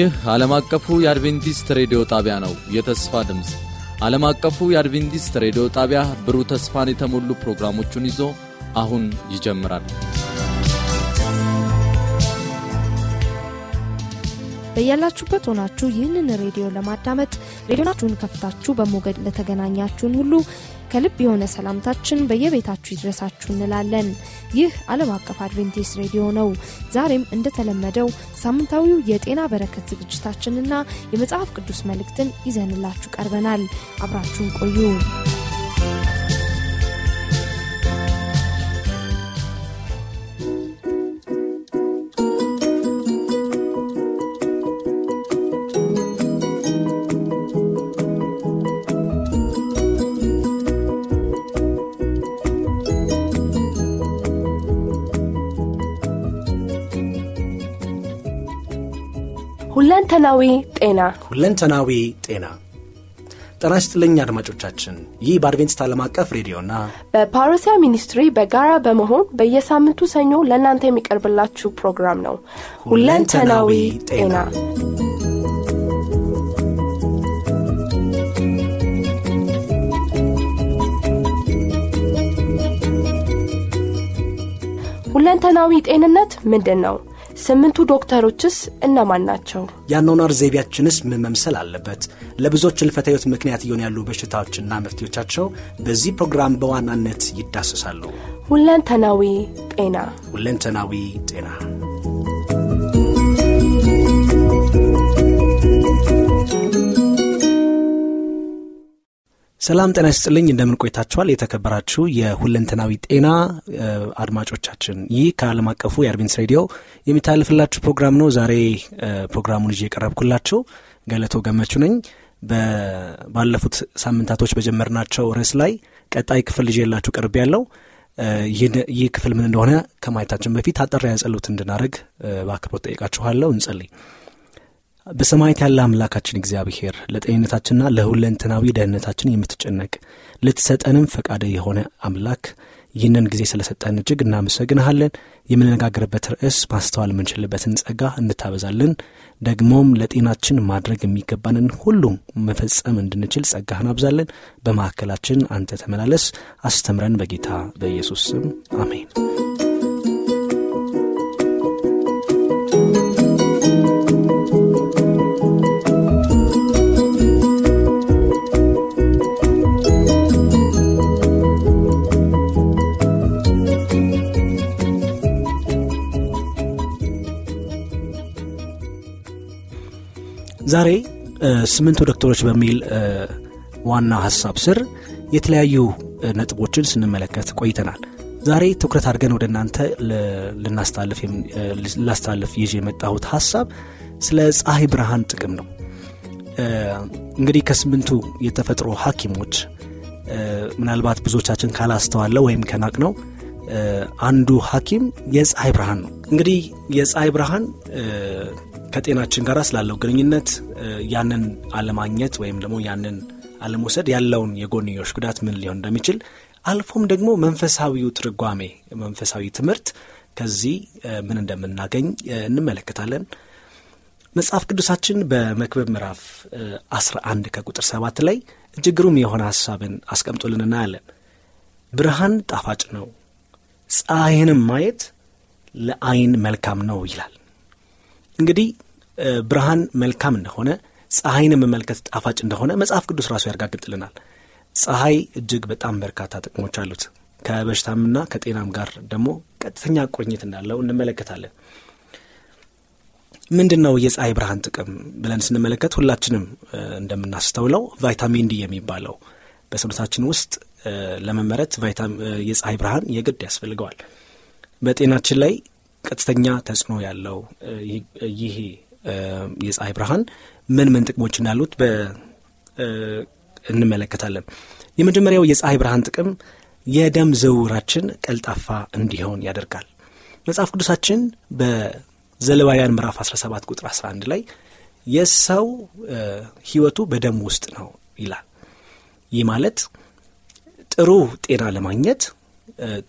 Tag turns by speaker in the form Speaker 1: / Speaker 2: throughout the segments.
Speaker 1: ይህ ዓለም አቀፉ የአድቬንቲስት ሬዲዮ ጣቢያ ነው። የተስፋ ድምፅ ዓለም አቀፉ የአድቬንቲስት ሬዲዮ ጣቢያ ብሩህ ተስፋን የተሞሉ ፕሮግራሞቹን ይዞ አሁን ይጀምራል።
Speaker 2: በያላችሁበት ሆናችሁ ይህንን ሬዲዮ ለማዳመጥ ሬዲዮናችሁን ከፍታችሁ በሞገድ ለተገናኛችሁን ሁሉ ከልብ የሆነ ሰላምታችን በየቤታችሁ ይድረሳችሁ እንላለን። ይህ ዓለም አቀፍ አድቬንቲስት ሬዲዮ ነው። ዛሬም እንደተለመደው ሳምንታዊው የጤና በረከት ዝግጅታችንና የመጽሐፍ ቅዱስ መልእክትን ይዘንላችሁ ቀርበናል። አብራችሁን ቆዩ። ሁለንተናዊ ጤና ሁለንተናዊ ጤና ጤና ይስጥልኝ አድማጮቻችን። ይህ በአድቬንስት ዓለም አቀፍ ሬዲዮና በፓሮሲያ ሚኒስትሪ በጋራ በመሆን በየሳምንቱ ሰኞ ለእናንተ የሚቀርብላችሁ ፕሮግራም ነው። ሁለንተናዊ ጤና ሁለንተናዊ ጤንነት ምንድን ነው? ስምንቱ ዶክተሮችስ እነማን ናቸው? የአኗኗር ዘይቤያችንስ ምን መምሰል አለበት? ለብዙዎች ሕልፈተ ምክንያት እየሆኑ ያሉ በሽታዎችና መፍትሄዎቻቸው በዚህ ፕሮግራም በዋናነት ይዳሰሳሉ። ሁለንተናዊ ጤና ሁለንተናዊ ጤና thank you ሰላም ጤና ይስጥልኝ። እንደምን ቆይታችኋል? የተከበራችሁ የሁለንተናዊ ጤና አድማጮቻችን፣ ይህ ከዓለም አቀፉ የአርቢንስ ሬዲዮ የሚታልፍላችሁ ፕሮግራም ነው። ዛሬ ፕሮግራሙን ይዤ የቀረብኩላችሁ ገለቶ ገመቹ ነኝ። ባለፉት ሳምንታቶች በጀመርናቸው ርዕስ ላይ ቀጣይ ክፍል የላችሁ ቀርብ ያለው ይህ ክፍል ምን እንደሆነ ከማየታችን በፊት አጠር ያጸሉት እንድናደርግ በአክብሮት ጠይቃችኋለሁ። እንጸልይ። በሰማያት ያለ አምላካችን እግዚአብሔር ለጤንነታችንና ለሁለንተናዊ ደህንነታችን የምትጨነቅ ልትሰጠንም ፈቃደ የሆነ አምላክ ይህንን ጊዜ ስለሰጠን እጅግ እናመሰግንሃለን የምንነጋገርበት ርዕስ ማስተዋል የምንችልበትን ጸጋ እንታበዛለን ደግሞም ለጤናችን ማድረግ የሚገባንን ሁሉም መፈጸም እንድንችል ጸጋህን አብዛለን በማዕከላችን አንተ ተመላለስ አስተምረን በጌታ በኢየሱስ ስም አሜን ዛሬ ስምንቱ ዶክተሮች በሚል ዋና ሀሳብ ስር የተለያዩ ነጥቦችን ስንመለከት ቆይተናል ዛሬ ትኩረት አድርገን ወደ እናንተ ላስተላልፍ ይዥ የመጣሁት ሀሳብ ስለ ፀሐይ ብርሃን ጥቅም ነው እንግዲህ ከስምንቱ የተፈጥሮ ሀኪሞች ምናልባት ብዙዎቻችን ካላስተዋለው ወይም ከናቅ ነው አንዱ ሐኪም የፀሐይ ብርሃን ነው እንግዲህ የፀሐይ ብርሃን ከጤናችን ጋር ስላለው ግንኙነት ያንን አለማግኘት ወይም ደግሞ ያንን አለመውሰድ ያለውን የጎንዮሽ ጉዳት ምን ሊሆን እንደሚችል አልፎም ደግሞ መንፈሳዊው ትርጓሜ መንፈሳዊ ትምህርት ከዚህ ምን እንደምናገኝ እንመለከታለን። መጽሐፍ ቅዱሳችን በመክብብ ምዕራፍ 11 ከቁጥር 7 ላይ እጅግሩም የሆነ ሐሳብን አስቀምጦልን እናያለን። ብርሃን ጣፋጭ ነው፣ ፀሐይንም ማየት ለአይን መልካም ነው ይላል። እንግዲህ ብርሃን መልካም እንደሆነ ፀሐይን መመልከት ጣፋጭ እንደሆነ መጽሐፍ ቅዱስ ራሱ ያረጋግጥልናል። ፀሐይ እጅግ በጣም በርካታ ጥቅሞች አሉት። ከበሽታምና ከጤናም ጋር ደግሞ ቀጥተኛ ቁርኝት እንዳለው እንመለከታለን። ምንድን ነው የፀሐይ ብርሃን ጥቅም ብለን ስንመለከት ሁላችንም እንደምናስተውለው ቫይታሚን ዲ የሚባለው በሰውነታችን ውስጥ ለመመረት የፀሐይ ብርሃን የግድ ያስፈልገዋል። በጤናችን ላይ ቀጥተኛ ተጽዕኖ ያለው ይሄ የፀሐይ ብርሃን ምን ምን ጥቅሞች እንዳሉት እንመለከታለን። የመጀመሪያው የፀሐይ ብርሃን ጥቅም የደም ዘውራችን ቀልጣፋ እንዲሆን ያደርጋል። መጽሐፍ ቅዱሳችን በዘለባውያን ምዕራፍ 17 ቁጥር 11 ላይ የሰው ህይወቱ በደም ውስጥ ነው ይላል። ይህ ማለት ጥሩ ጤና ለማግኘት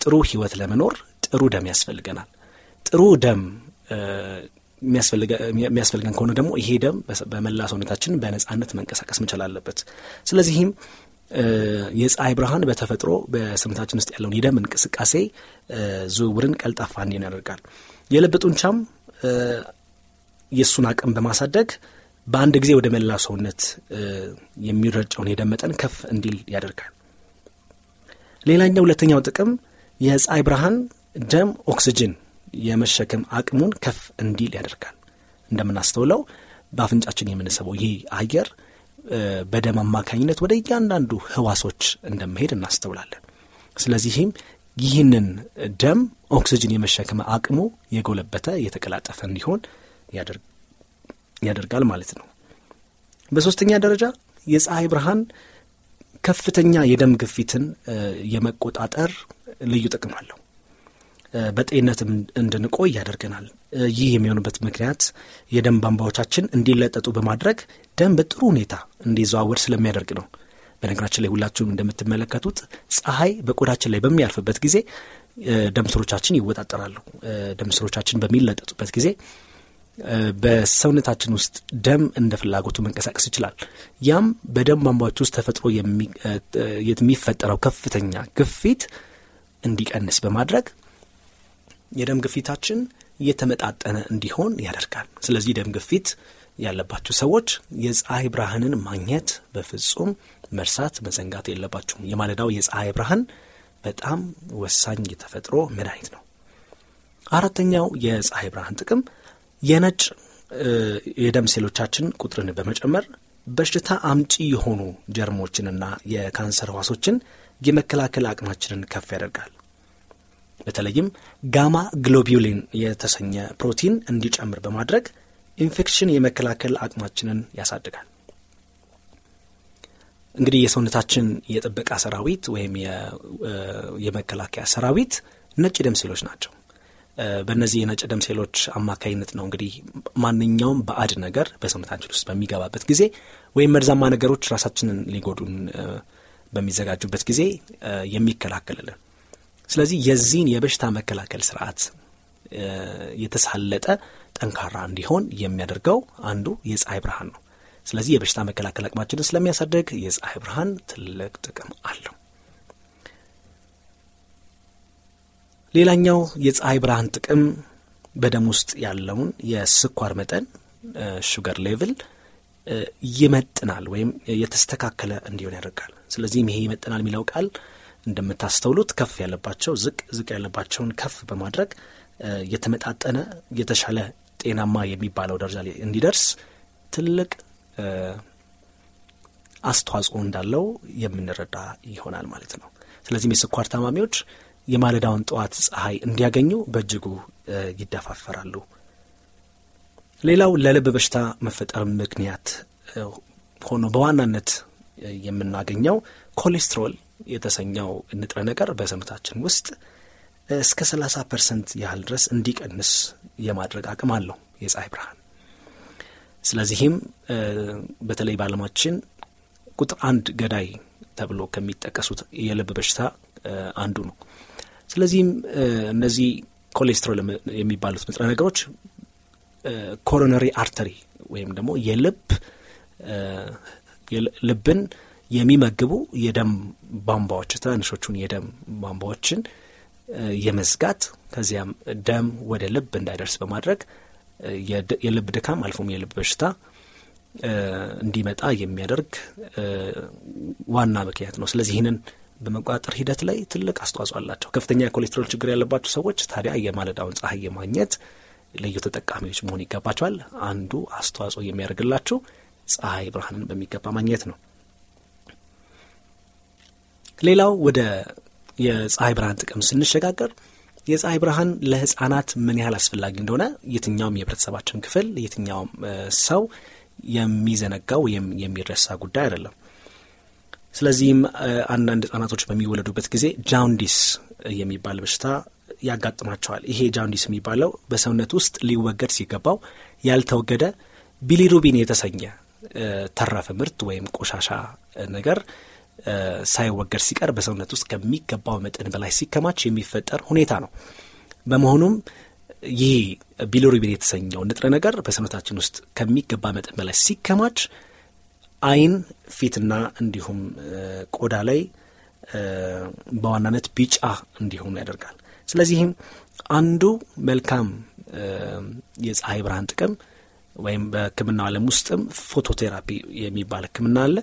Speaker 2: ጥሩ ህይወት ለመኖር ጥሩ ደም ያስፈልገናል። ጥሩ ደም የሚያስፈልገን ከሆነ ደግሞ ይሄ ደም በመላ ሰውነታችን በነጻነት መንቀሳቀስ መቻል አለበት። ስለዚህም የፀሐይ ብርሃን በተፈጥሮ በስምታችን ውስጥ ያለውን የደም እንቅስቃሴ ዝውውርን ቀልጣፋ እንዲን ያደርጋል። የልብ ጡንቻም የእሱን አቅም በማሳደግ በአንድ ጊዜ ወደ መላ ሰውነት የሚረጨውን የደም መጠን ከፍ እንዲል ያደርጋል። ሌላኛው ሁለተኛው ጥቅም የፀሐይ ብርሃን ደም ኦክስጅን የመሸከም አቅሙን ከፍ እንዲል ያደርጋል። እንደምናስተውለው በአፍንጫችን የምንስበው ይህ አየር በደም አማካኝነት ወደ እያንዳንዱ ህዋሶች እንደመሄድ እናስተውላለን። ስለዚህም ይህንን ደም ኦክስጅን የመሸከመ አቅሙ የጎለበተ የተቀላጠፈ እንዲሆን ያደርጋል ማለት ነው። በሶስተኛ ደረጃ የፀሐይ ብርሃን ከፍተኛ የደም ግፊትን የመቆጣጠር ልዩ ጥቅም አለው። በጤንነት እንድንቆይ ያደርገናል። ይህ የሚሆንበት ምክንያት የደም ቧንቧዎቻችን እንዲለጠጡ በማድረግ ደም በጥሩ ሁኔታ እንዲዘዋወር ስለሚያደርግ ነው። በነገራችን ላይ ሁላችሁም እንደምትመለከቱት ፀሐይ በቆዳችን ላይ በሚያርፍበት ጊዜ ደም ስሮቻችን ይወጣጠራሉ። ደም ስሮቻችን በሚለጠጡበት ጊዜ በሰውነታችን ውስጥ ደም እንደ ፍላጎቱ መንቀሳቀስ ይችላል። ያም በደም ቧንቧዎች ውስጥ ተፈጥሮ የሚፈጠረው ከፍተኛ ግፊት እንዲቀንስ በማድረግ የደም ግፊታችን እየተመጣጠነ እንዲሆን ያደርጋል። ስለዚህ ደም ግፊት ያለባችሁ ሰዎች የፀሐይ ብርሃንን ማግኘት በፍጹም መርሳት መዘንጋት የለባችሁም። የማለዳው የፀሐይ ብርሃን በጣም ወሳኝ የተፈጥሮ መድኃኒት ነው። አራተኛው የፀሐይ ብርሃን ጥቅም የነጭ የደም ሴሎቻችን ቁጥርን በመጨመር በሽታ አምጪ የሆኑ ጀርሞችንና የካንሰር ህዋሶችን የመከላከል አቅማችንን ከፍ ያደርጋል። በተለይም ጋማ ግሎቢውሊን የተሰኘ ፕሮቲን እንዲጨምር በማድረግ ኢንፌክሽን የመከላከል አቅማችንን ያሳድጋል። እንግዲህ የሰውነታችን የጥበቃ ሰራዊት ወይም የመከላከያ ሰራዊት ነጭ ደም ሴሎች ናቸው። በእነዚህ የነጭ ደም ሴሎች አማካኝነት ነው እንግዲህ ማንኛውም ባዕድ ነገር በሰውነታችን ውስጥ በሚገባበት ጊዜ ወይም መርዛማ ነገሮች ራሳችንን ሊጎዱን በሚዘጋጁበት ጊዜ የሚከላከልልን ስለዚህ የዚህን የበሽታ መከላከል ስርዓት የተሳለጠ ጠንካራ እንዲሆን የሚያደርገው አንዱ የፀሐይ ብርሃን ነው። ስለዚህ የበሽታ መከላከል አቅማችንን ስለሚያሳደግ የፀሐይ ብርሃን ትልቅ ጥቅም አለው። ሌላኛው የፀሐይ ብርሃን ጥቅም በደም ውስጥ ያለውን የስኳር መጠን ሹገር ሌቭል ይመጥናል ወይም የተስተካከለ እንዲሆን ያደርጋል። ስለዚህም ይሄ ይመጥናል የሚለው ቃል እንደምታስተውሉት ከፍ ያለባቸው ዝቅ፣ ዝቅ ያለባቸውን ከፍ በማድረግ የተመጣጠነ የተሻለ ጤናማ የሚባለው ደረጃ ላይ እንዲደርስ ትልቅ አስተዋጽኦ እንዳለው የምንረዳ ይሆናል ማለት ነው። ስለዚህም የስኳር ታማሚዎች የማለዳውን ጠዋት ፀሐይ እንዲያገኙ በእጅጉ ይደፋፈራሉ። ሌላው ለልብ በሽታ መፈጠር ምክንያት ሆኖ በዋናነት የምናገኘው ኮሌስትሮል የተሰኘው ንጥረ ነገር በሰውነታችን ውስጥ እስከ 30 ፐርሰንት ያህል ድረስ እንዲቀንስ የማድረግ አቅም አለው የፀሐይ ብርሃን። ስለዚህም በተለይ በዓለማችን ቁጥር አንድ ገዳይ ተብሎ ከሚጠቀሱት የልብ በሽታ አንዱ ነው። ስለዚህም እነዚህ ኮሌስትሮል የሚባሉት ንጥረ ነገሮች ኮሮነሪ አርተሪ ወይም ደግሞ የልብ ልብን የሚመግቡ የደም ቧንቧዎች ትናንሾቹን የደም ቧንቧዎችን የመዝጋት ከዚያም ደም ወደ ልብ እንዳይደርስ በማድረግ የልብ ድካም አልፎም የልብ በሽታ እንዲመጣ የሚያደርግ ዋና ምክንያት ነው። ስለዚህ ይህንን በመቆጣጠር ሂደት ላይ ትልቅ አስተዋጽኦ አላቸው። ከፍተኛ የኮሌስትሮል ችግር ያለባቸው ሰዎች ታዲያ የማለዳውን ፀሐይ የማግኘት ልዩ ተጠቃሚዎች መሆን ይገባቸዋል። አንዱ አስተዋጽኦ የሚያደርግላችሁ ፀሐይ ብርሃንን በሚገባ ማግኘት ነው። ሌላው ወደ የፀሐይ ብርሃን ጥቅም ስንሸጋገር የፀሐይ ብርሃን ለህፃናት ምን ያህል አስፈላጊ እንደሆነ የትኛውም የህብረተሰባችን ክፍል የትኛውም ሰው የሚዘነጋው ወይም የሚረሳ ጉዳይ አይደለም። ስለዚህም አንዳንድ ህጻናቶች በሚወለዱበት ጊዜ ጃውንዲስ የሚባል በሽታ ያጋጥማቸዋል። ይሄ ጃውንዲስ የሚባለው በሰውነት ውስጥ ሊወገድ ሲገባው ያልተወገደ ቢሊሩቢን የተሰኘ ተረፈ ምርት ወይም ቆሻሻ ነገር ሳይወገድ ሲቀር በሰውነት ውስጥ ከሚገባው መጠን በላይ ሲከማች የሚፈጠር ሁኔታ ነው። በመሆኑም ይህ ቢሊሩቢን የተሰኘው ንጥረ ነገር በሰውነታችን ውስጥ ከሚገባ መጠን በላይ ሲከማች አይን ፊትና እንዲሁም ቆዳ ላይ በዋናነት ቢጫ እንዲሆኑ ያደርጋል። ስለዚህም አንዱ መልካም የፀሐይ ብርሃን ጥቅም ወይም በህክምና ዓለም ውስጥም ፎቶቴራፒ የሚባል ህክምና አለ።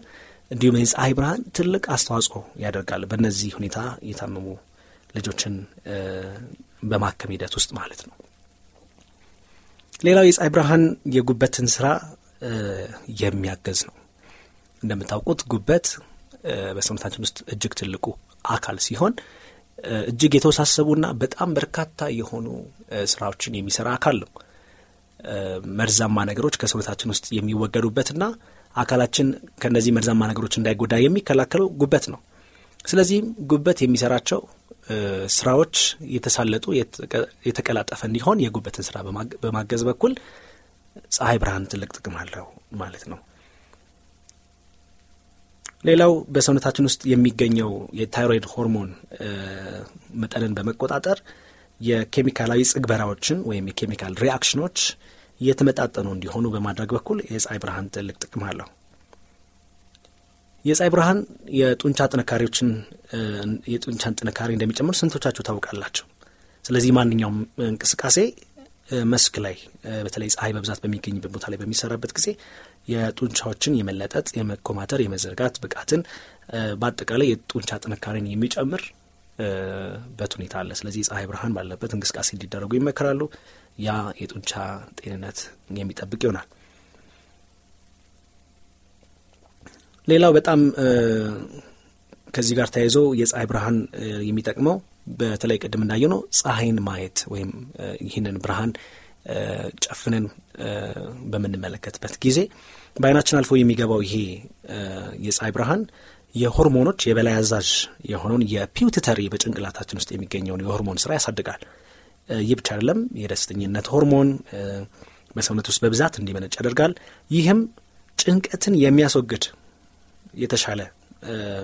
Speaker 2: እንዲሁም የፀሐይ ብርሃን ትልቅ አስተዋጽኦ ያደርጋል በእነዚህ ሁኔታ የታመሙ ልጆችን በማከም ሂደት ውስጥ ማለት ነው። ሌላው የፀሐይ ብርሃን የጉበትን ስራ የሚያገዝ ነው። እንደምታውቁት ጉበት በሰውነታችን ውስጥ እጅግ ትልቁ አካል ሲሆን እጅግ የተወሳሰቡና በጣም በርካታ የሆኑ ስራዎችን የሚሰራ አካል ነው። መርዛማ ነገሮች ከሰውነታችን ውስጥ የሚወገዱበትና አካላችን ከእነዚህ መርዛማ ነገሮች እንዳይጎዳ የሚከላከለው ጉበት ነው። ስለዚህ ጉበት የሚሰራቸው ስራዎች የተሳለጡ የተቀላጠፈ እንዲሆን የጉበትን ስራ በማገዝ በኩል ፀሐይ ብርሃን ትልቅ ጥቅም አለው ማለት ነው። ሌላው በሰውነታችን ውስጥ የሚገኘው የታይሮይድ ሆርሞን መጠንን በመቆጣጠር የኬሚካላዊ ጽግበራዎችን ወይም የኬሚካል ሪአክሽኖች የተመጣጠኑ እንዲሆኑ በማድረግ በኩል የፀሐይ ብርሃን ትልቅ ጥቅም አለው። የፀሐይ ብርሃን የጡንቻ ጥንካሬዎችን የጡንቻን ጥንካሬ እንደሚጨምር ስንቶቻችሁ ታውቃላችሁ? ስለዚህ ማንኛውም እንቅስቃሴ መስክ ላይ በተለይ ፀሐይ በብዛት በሚገኝበት ቦታ ላይ በሚሰራበት ጊዜ የጡንቻዎችን የመለጠጥ፣ የመኮማተር፣ የመዘርጋት ብቃትን በአጠቃላይ የጡንቻ ጥንካሬን የሚጨምር በት ሁኔታ አለ። ስለዚህ የፀሐይ ብርሃን ባለበት እንቅስቃሴ እንዲደረጉ ይመከራሉ። ያ የጡንቻ ጤንነት የሚጠብቅ ይሆናል። ሌላው በጣም ከዚህ ጋር ተያይዞ የፀሐይ ብርሃን የሚጠቅመው በተለይ ቅድም እንዳየ ነው ፀሐይን ማየት ወይም ይህንን ብርሃን ጨፍነን በምንመለከትበት ጊዜ በአይናችን አልፎ የሚገባው ይሄ የፀሐይ ብርሃን የሆርሞኖች የበላይ አዛዥ የሆነውን የፒውትተሪ በጭንቅላታችን ውስጥ የሚገኘውን የሆርሞን ስራ ያሳድጋል። ይህ ብቻ አይደለም። የደስተኝነት ሆርሞን በሰውነት ውስጥ በብዛት እንዲመነጭ ያደርጋል። ይህም ጭንቀትን የሚያስወግድ የተሻለ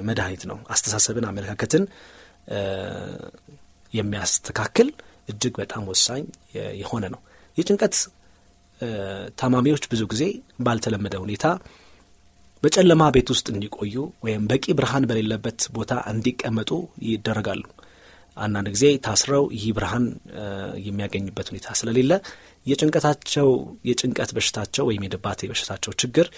Speaker 2: መድኃኒት ነው። አስተሳሰብን፣ አመለካከትን የሚያስተካክል እጅግ በጣም ወሳኝ የሆነ ነው። የጭንቀት ታማሚዎች ብዙ ጊዜ ባልተለመደ ሁኔታ በጨለማ ቤት ውስጥ እንዲቆዩ ወይም በቂ ብርሃን በሌለበት ቦታ እንዲቀመጡ ይደረጋሉ። አንዳንድ ጊዜ ታስረው ይህ ብርሃን የሚያገኙበት ሁኔታ ስለሌለ የጭንቀታቸው የጭንቀት በሽታቸው ወይም የድባቴ በሽታቸው ችግር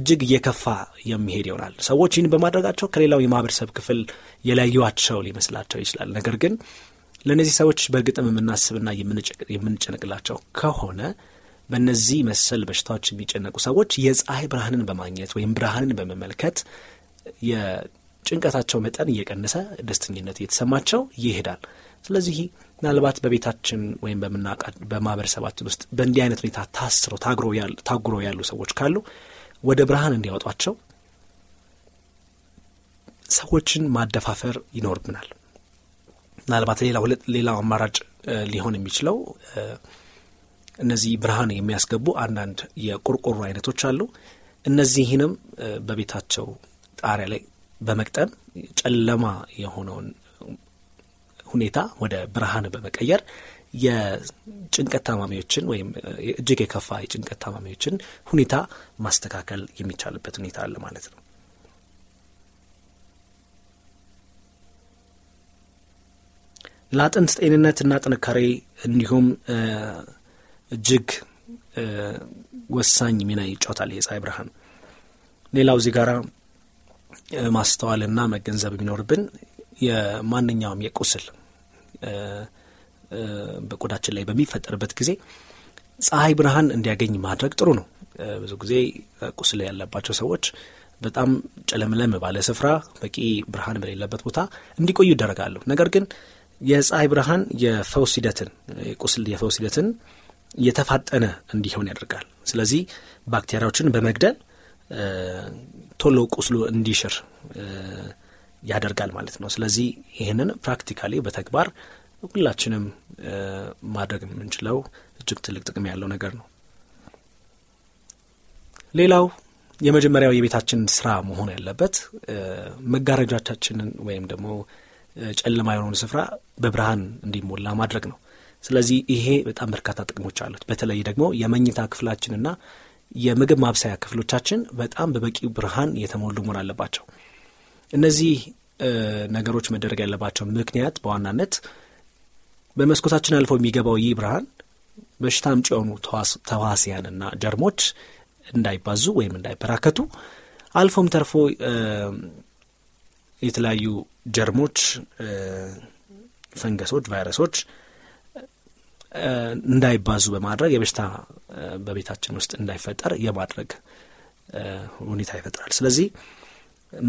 Speaker 2: እጅግ እየከፋ የሚሄድ ይሆናል። ሰዎች ይህን በማድረጋቸው ከሌላው የማህበረሰብ ክፍል የለያዩቸው ሊመስላቸው ይችላል። ነገር ግን ለእነዚህ ሰዎች በእርግጥም የምናስብና የምንጨነቅላቸው ከሆነ በእነዚህ መሰል በሽታዎች የሚጨነቁ ሰዎች የፀሐይ ብርሃንን በማግኘት ወይም ብርሃንን በመመልከት የጭንቀታቸው መጠን እየቀነሰ ደስተኝነት እየተሰማቸው ይሄዳል። ስለዚህ ምናልባት በቤታችን ወይም በምናቃ በማህበረሰባችን ውስጥ በእንዲህ አይነት ሁኔታ ታስረው ታጉረው ያሉ ሰዎች ካሉ ወደ ብርሃን እንዲያወጧቸው ሰዎችን ማደፋፈር ይኖርብናል። ምናልባት ሌላ አማራጭ ሊሆን የሚችለው እነዚህ ብርሃን የሚያስገቡ አንዳንድ የቆርቆሮ አይነቶች አሉ። እነዚህንም በቤታቸው ጣሪያ ላይ በመቅጠም ጨለማ የሆነውን ሁኔታ ወደ ብርሃን በመቀየር የጭንቀት ታማሚዎችን ወይም እጅግ የከፋ የጭንቀት ታማሚዎችን ሁኔታ ማስተካከል የሚቻልበት ሁኔታ አለ ማለት ነው። ለአጥንት ጤንነትና ጥንካሬ እንዲሁም እጅግ ወሳኝ ሚና ይጫወታል የፀሐይ ብርሃን። ሌላው እዚህ ጋራ ማስተዋልና መገንዘብ የሚኖርብን የማንኛውም የቁስል በቆዳችን ላይ በሚፈጠርበት ጊዜ ፀሐይ ብርሃን እንዲያገኝ ማድረግ ጥሩ ነው። ብዙ ጊዜ ቁስል ያለባቸው ሰዎች በጣም ጨለምለም ባለ ስፍራ በቂ ብርሃን በሌለበት ቦታ እንዲቆዩ ይደረጋሉ። ነገር ግን የፀሐይ ብርሃን የፈውስ ሂደትን የቁስል የፈውስ ሂደትን የተፋጠነ እንዲሆን ያደርጋል። ስለዚህ ባክቴሪያዎችን በመግደል ቶሎ ቁስሉ እንዲሽር ያደርጋል ማለት ነው። ስለዚህ ይህንን ፕራክቲካሊ በተግባር ሁላችንም ማድረግ የምንችለው እጅግ ትልቅ ጥቅም ያለው ነገር ነው። ሌላው የመጀመሪያው የቤታችን ስራ መሆን ያለበት መጋረጃቻችንን ወይም ደግሞ ጨለማ የሆነውን ስፍራ በብርሃን እንዲሞላ ማድረግ ነው። ስለዚህ ይሄ በጣም በርካታ ጥቅሞች አሉት። በተለይ ደግሞ የመኝታ ክፍላችንና የምግብ ማብሰያ ክፍሎቻችን በጣም በበቂ ብርሃን የተሞሉ መሆን አለባቸው። እነዚህ ነገሮች መደረግ ያለባቸው ምክንያት በዋናነት በመስኮታችን አልፎ የሚገባው ይህ ብርሃን በሽታ አምጭ የሆኑ ተዋስያንና ጀርሞች እንዳይባዙ ወይም እንዳይበራከቱ አልፎም ተርፎ የተለያዩ ጀርሞች፣ ፈንገሶች፣ ቫይረሶች እንዳይባዙ በማድረግ የበሽታ በቤታችን ውስጥ እንዳይፈጠር የማድረግ ሁኔታ ይፈጥራል። ስለዚህ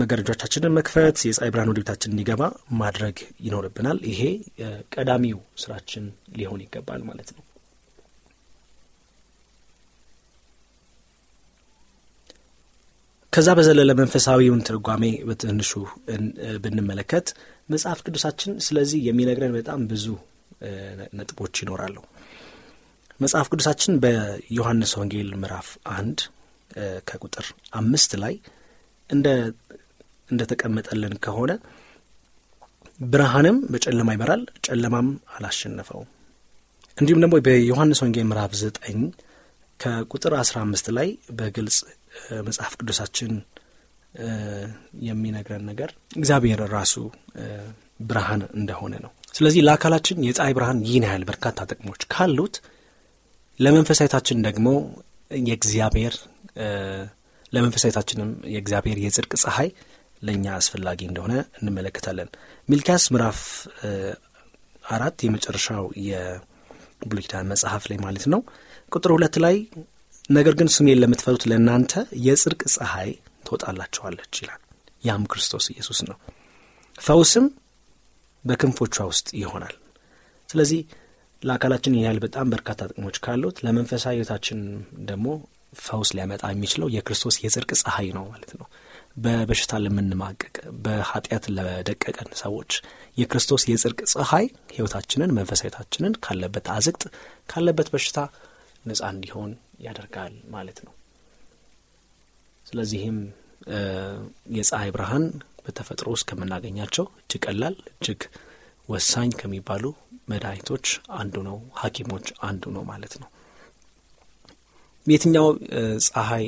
Speaker 2: መጋረጃዎቻችንን መክፈት፣ የፀሐይ ብርሃን ወደ ቤታችን እንዲገባ ማድረግ ይኖርብናል። ይሄ ቀዳሚው ስራችን ሊሆን ይገባል ማለት ነው። ከዛ በዘለለ መንፈሳዊውን ትርጓሜ በትንሹ ብንመለከት መጽሐፍ ቅዱሳችን ስለዚህ የሚነግረን በጣም ብዙ ነጥቦች ይኖራሉ። መጽሐፍ ቅዱሳችን በዮሐንስ ወንጌል ምዕራፍ አንድ ከቁጥር አምስት ላይ እንደ እንደ ተቀመጠልን ከሆነ ብርሃንም በጨለማ ይበራል፣ ጨለማም አላሸነፈውም። እንዲሁም ደግሞ በዮሐንስ ወንጌል ምዕራፍ ዘጠኝ ከቁጥር አስራ አምስት ላይ በግልጽ መጽሐፍ ቅዱሳችን የሚነግረን ነገር እግዚአብሔር ራሱ ብርሃን እንደሆነ ነው። ስለዚህ ለአካላችን የፀሐይ ብርሃን ይህን ያህል በርካታ ጥቅሞች ካሉት ለመንፈሳዊታችን ደግሞ የእግዚአብሔር ለመንፈሳዊታችንም የእግዚአብሔር የጽድቅ ፀሐይ ለእኛ አስፈላጊ እንደሆነ እንመለከታለን። ሚልኪያስ ምዕራፍ አራት የመጨረሻው የብሉይ መጽሐፍ ላይ ማለት ነው ቁጥር ሁለት ላይ ነገር ግን ስሜን ለምትፈሩት ለእናንተ የጽድቅ ፀሐይ ትወጣላችኋለች ይላል። ያም ክርስቶስ ኢየሱስ ነው። ፈውስም በክንፎቿ ውስጥ ይሆናል። ስለዚህ ለአካላችን ያህል በጣም በርካታ ጥቅሞች ካሉት ለመንፈሳዊ ህይወታችን ደግሞ ፈውስ ሊያመጣ የሚችለው የክርስቶስ የጽርቅ ፀሐይ ነው ማለት ነው። በበሽታ ለምንማቀቅ በኃጢአት ለደቀቀን ሰዎች የክርስቶስ የጽርቅ ፀሐይ ህይወታችንን መንፈሳዊ ካለበት አዝቅጥ ካለበት በሽታ ነጻ እንዲሆን ያደርጋል ማለት ነው። ስለዚህም የፀሐይ ብርሃን በተፈጥሮ ውስጥ ከምናገኛቸው እጅግ ቀላል እጅግ ወሳኝ ከሚባሉ መድኃኒቶች አንዱ ነው። ሀኪሞች አንዱ ነው ማለት ነው። የትኛው ፀሐይ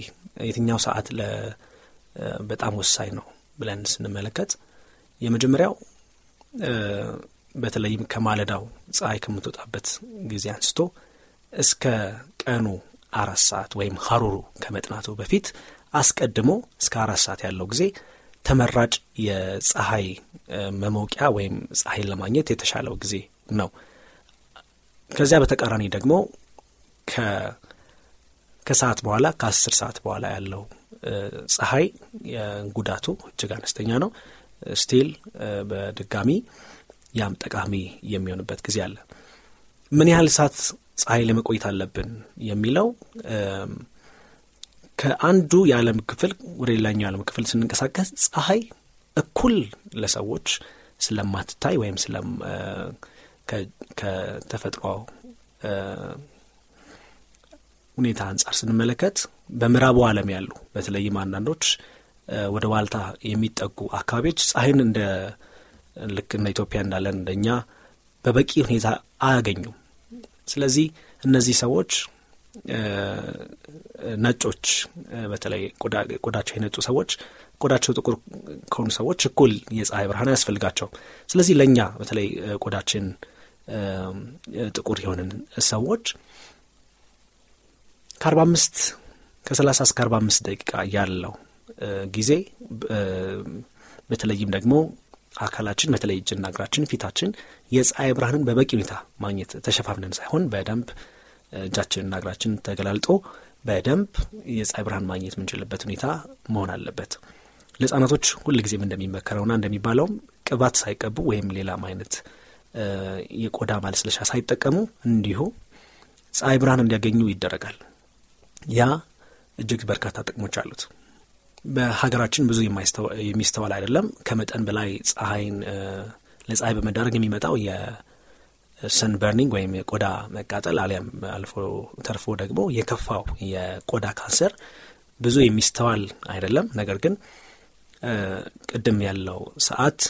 Speaker 2: የትኛው ሰዓት በጣም ወሳኝ ነው ብለን ስንመለከት የመጀመሪያው በተለይም ከማለዳው ፀሐይ ከምትወጣበት ጊዜ አንስቶ እስከ ቀኑ አራት ሰዓት ወይም ሀሩሩ ከመጥናቱ በፊት አስቀድሞ እስከ አራት ሰዓት ያለው ጊዜ ተመራጭ የፀሐይ መሞቂያ ወይም ፀሐይን ለማግኘት የተሻለው ጊዜ ነው። ከዚያ በተቃራኒ ደግሞ ከሰዓት በኋላ ከአስር ሰዓት በኋላ ያለው ፀሐይ ጉዳቱ እጅግ አነስተኛ ነው። ስቲል በድጋሚ ያም ጠቃሚ የሚሆንበት ጊዜ አለ። ምን ያህል ሰዓት ፀሐይ ለመቆየት አለብን የሚለው ከአንዱ የዓለም ክፍል ወደ ሌላኛው የዓለም ክፍል ስንንቀሳቀስ ፀሐይ እኩል ለሰዎች ስለማትታይ ወይም ከተፈጥሮ ሁኔታ አንጻር ስንመለከት በምዕራቡ ዓለም ያሉ በተለይም አንዳንዶች ወደ ዋልታ የሚጠጉ አካባቢዎች ፀሐይን እንደ ልክ እንደ ኢትዮጵያ እንዳለን እንደኛ በበቂ ሁኔታ አያገኙም። ስለዚህ እነዚህ ሰዎች ነጮች በተለይ ቆዳቸው የነጩ ሰዎች ቆዳቸው ጥቁር ከሆኑ ሰዎች እኩል የፀሐይ ብርሃን አያስፈልጋቸውም። ስለዚህ ለእኛ በተለይ ቆዳችን ጥቁር የሆንን ሰዎች ከአርባ አምስት ከሰላሳ እስከ አርባ አምስት ደቂቃ ያለው ጊዜ በተለይም ደግሞ አካላችን በተለይ እጅና እግራችን፣ ፊታችን የፀሐይ ብርሃንን በበቂ ሁኔታ ማግኘት ተሸፋፍነን ሳይሆን በደንብ እጃችንና እግራችን ተገላልጦ በደንብ የፀሐይ ብርሃን ማግኘት የምንችልበት ሁኔታ መሆን አለበት። ለህጻናቶች እንደሚመከረው እንደሚመከረውና እንደሚባለውም ቅባት ሳይቀቡ ወይም ሌላም አይነት የቆዳ ማለስለሻ ሳይጠቀሙ እንዲሁ ፀሐይ ብርሃን እንዲያገኙ ይደረጋል። ያ እጅግ በርካታ ጥቅሞች አሉት። በሀገራችን ብዙ የሚስተዋል አይደለም። ከመጠን በላይ ፀሐይን ለፀሐይ በመዳረግ የሚመጣው ሰንበርኒንግ ወይም የቆዳ መቃጠል አሊያም አልፎ ተርፎ ደግሞ የከፋው የቆዳ ካንሰር ብዙ የሚስተዋል አይደለም። ነገር ግን ቅድም ያለው ሰዓት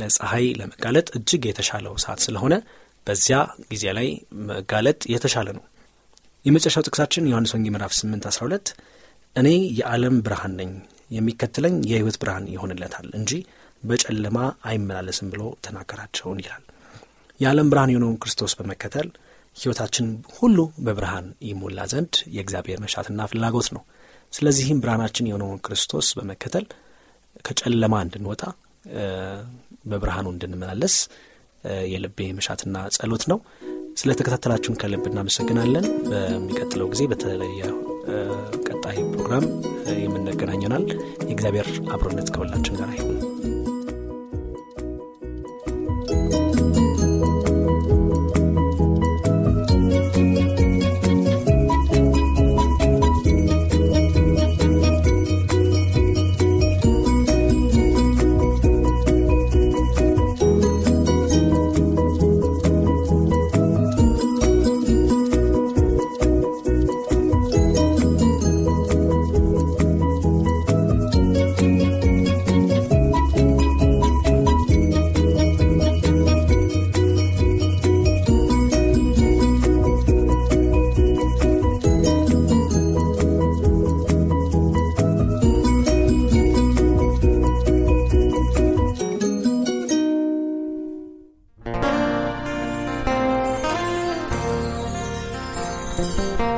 Speaker 2: ለፀሐይ ለመጋለጥ እጅግ የተሻለው ሰዓት ስለሆነ በዚያ ጊዜ ላይ መጋለጥ የተሻለ ነው። የመጨረሻው ጥቅሳችን ዮሐንስ ወንጌ ምዕራፍ 8 12 እኔ የዓለም ብርሃን ነኝ፣ የሚከተለኝ የህይወት ብርሃን ይሆንለታል እንጂ በጨለማ አይመላለስም ብሎ ተናገራቸውን ይላል። የዓለም ብርሃን የሆነውን ክርስቶስ በመከተል ሕይወታችን ሁሉ በብርሃን ይሞላ ዘንድ የእግዚአብሔር መሻትና ፍላጎት ነው። ስለዚህም ብርሃናችን የሆነውን ክርስቶስ በመከተል ከጨለማ እንድንወጣ በብርሃኑ እንድንመላለስ የልቤ መሻትና ጸሎት ነው። ስለ ተከታተላችሁን ከልብ እናመሰግናለን። በሚቀጥለው ጊዜ በተለየ ቀጣይ ፕሮግራም የምንገናኘናል። የእግዚአብሔር አብሮነት ከሁላችን ጋር ይሁን።
Speaker 1: Thank you.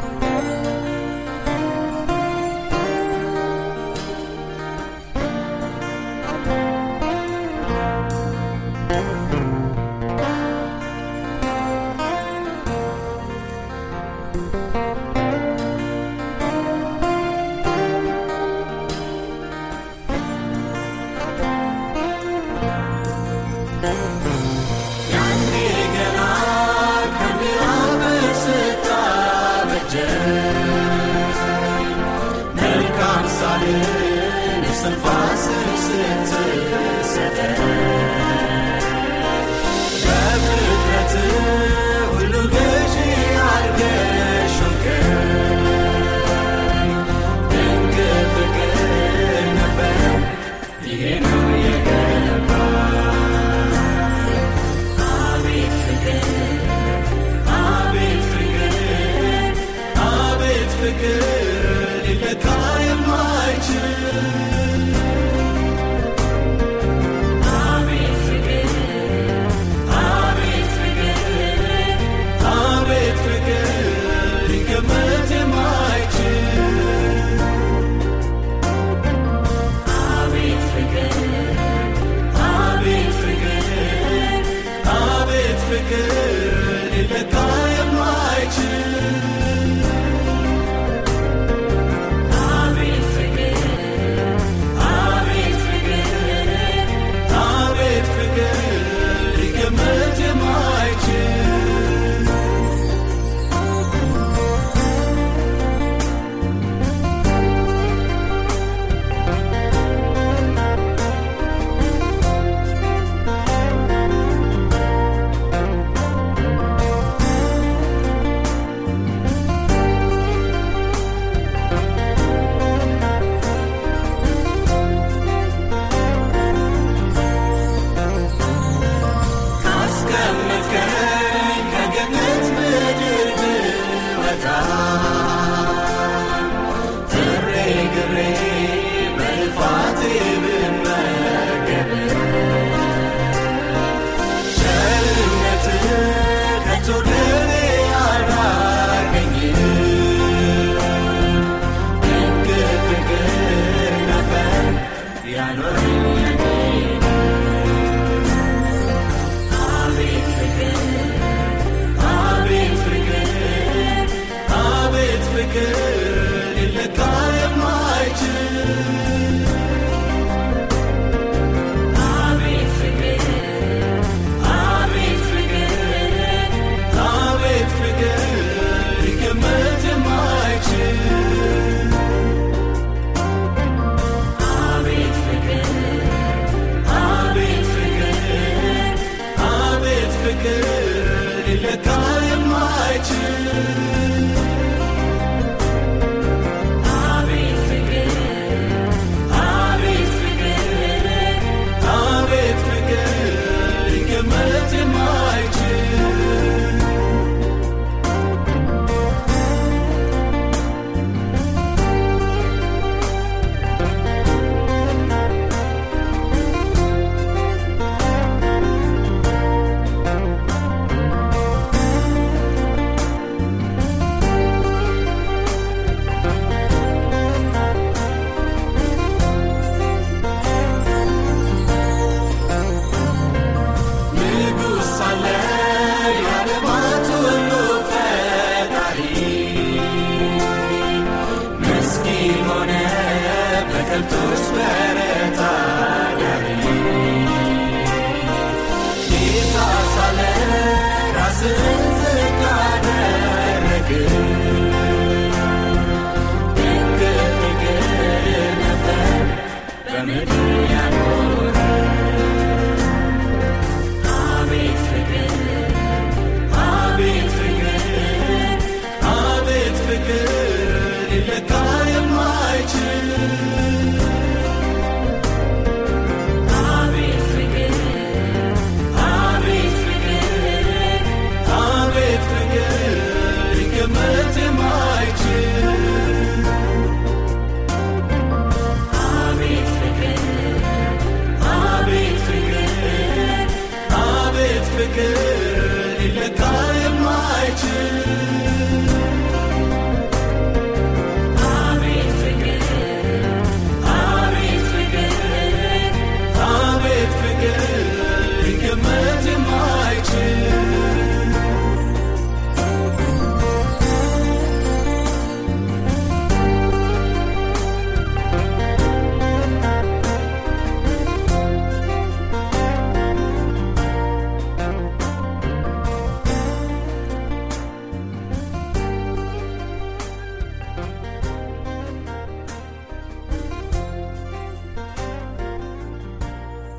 Speaker 1: ሌለታ የማይችል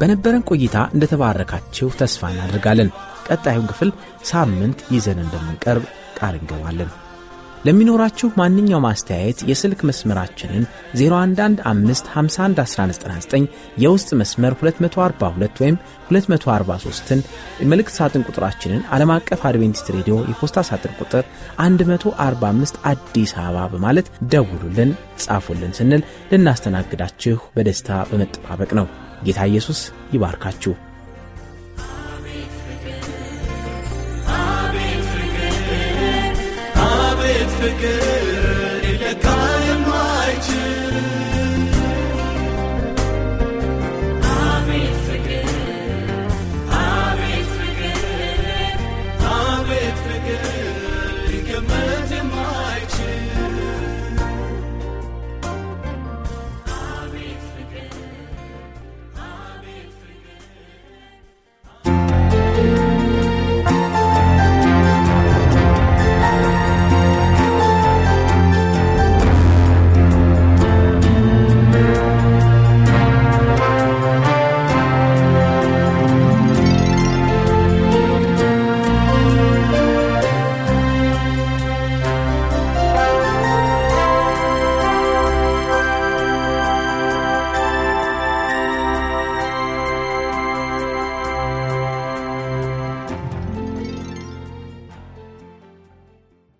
Speaker 2: በነበረን ቆይታ እንደተባረካችሁ ተስፋ እናደርጋለን። ቀጣዩን ክፍል ሳምንት ይዘን እንደምንቀርብ ቃል እንገባለን። ለሚኖራችሁ ማንኛው ማስተያየት የስልክ መስመራችንን 011551199 የውስጥ መስመር 242 ወይም 243ን መልእክት ሳጥን ቁጥራችንን ዓለም አቀፍ አድቬንቲስት ሬዲዮ የፖስታ ሳጥን ቁጥር 145 አዲስ አበባ በማለት ደውሉልን፣ ጻፉልን ስንል ልናስተናግዳችሁ በደስታ በመጠባበቅ ነው። ጌታ ኢየሱስ ይባርካችሁ።
Speaker 1: ፍቅር